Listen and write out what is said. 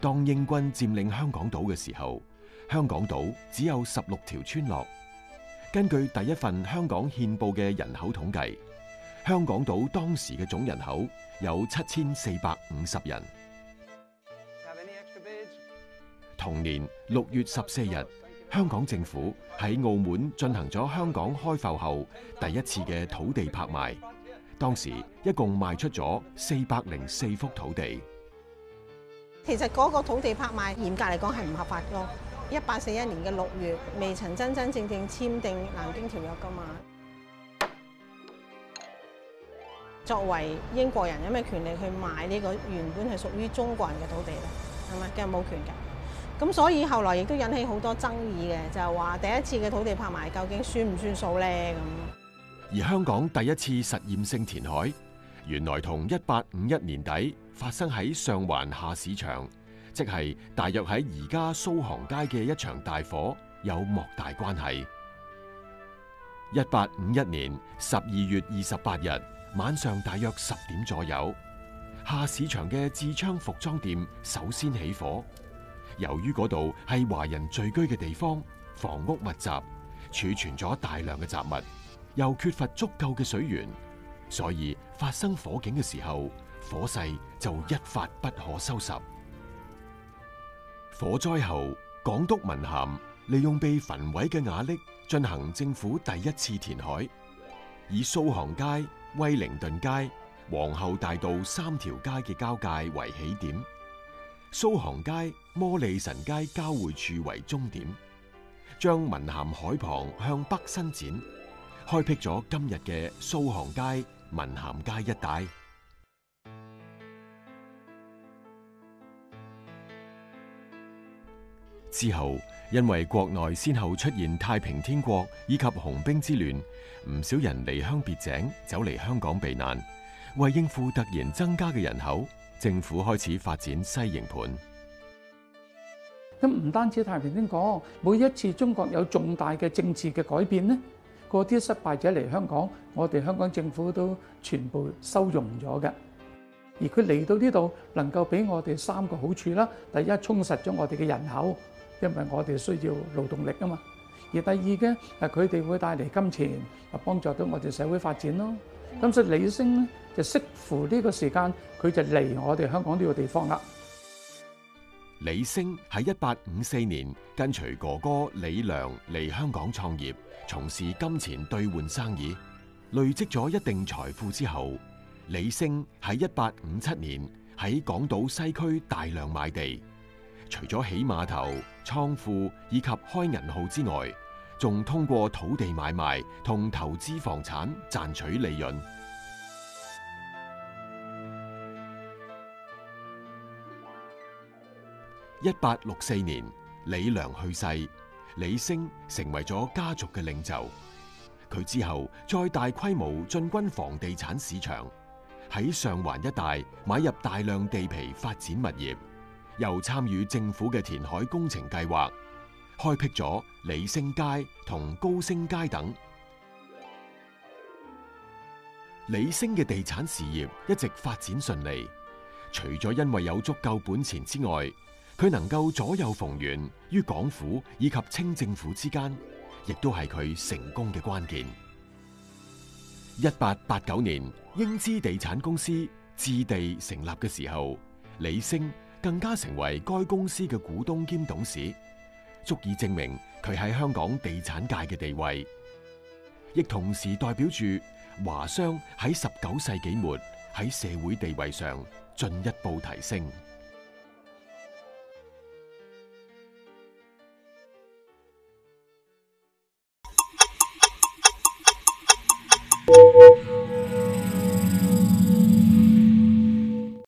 當英軍佔領香港島嘅時候，香港島只有十六條村落。根據第一份香港憲報嘅人口統計，香港島當時嘅總人口有七千四百五十人。同年六月十四日，香港政府喺澳門進行咗香港開埠後第一次嘅土地拍賣，當時一共賣出咗四百零四幅土地。其實嗰個土地拍賣嚴格嚟講係唔合法咯。一八四一年嘅六月，未曾真真正正簽訂南京條約噶嘛。作為英國人，有咩權利去買呢個原本係屬於中國人嘅土地呢？係咪？梗係冇權㗎？咁所以後來亦都引起好多爭議嘅，就係話第一次嘅土地拍賣究竟算唔算數呢？咁而香港第一次實驗性填海，原來同一八五一年底。發生喺上環下市場，即係大約喺而家蘇杭街嘅一場大火有莫大關係。一八五一年十二月二十八日晚上大約十點左右，下市場嘅智昌服裝店首先起火。由於嗰度係華人聚居嘅地方，房屋密集，儲存咗大量嘅雜物，又缺乏足夠嘅水源，所以發生火警嘅時候，火勢就一發不可收拾。火災後，港督文咸利用被焚毀嘅瓦礫進行政府第一次填海，以蘇杭街、威靈頓街、皇后大道三條街嘅交界為起點，蘇杭街、摩利臣街交匯處為終點，將文咸海旁向北伸展，開闢咗今日嘅蘇杭街、文咸街一帶。之後，因為國內先後出現太平天國以及紅兵之亂，唔少人離鄉別井走嚟香港避難。為應付突然增加嘅人口，政府開始發展西營盤。咁唔單止太平天國，每一次中國有重大嘅政治嘅改變呢，嗰啲失敗者嚟香港，我哋香港政府都全部收容咗嘅。而佢嚟到呢度，能夠俾我哋三個好處啦。第一，充實咗我哋嘅人口。因為我哋需要勞動力啊嘛，而第二嘅係佢哋會帶嚟金錢，又幫助到我哋社會發展咯。咁所以李升呢就適乎呢個時間，佢就嚟我哋香港呢個地方啦。李升喺一八五四年跟隨哥哥李良嚟香港創業，從事金錢兌換生意，累積咗一定財富之後，李升喺一八五七年喺港島西區大量買地，除咗起碼頭、倉庫以及開銀號之外，仲通過土地買賣同投資房產賺取利潤。一八六四年，李良去世，李升成為咗家族嘅領袖。佢之後再大規模進軍房地產市場，喺上環一帶買入大量地皮發展物業。又參與政府嘅填海工程計劃，開闢咗李升街同高升街等。李升嘅地產事業一直發展順利，除咗因為有足夠本錢之外，佢能夠左右逢源於港府以及清政府之間，亦都係佢成功嘅關鍵。一八八九年英資地產公司置地成立嘅時候，李升，更加成為該公司嘅股東兼董事，足以證明佢喺香港地產界嘅地位，亦同時代表住華商喺十九世紀末喺社會地位上進一步提升。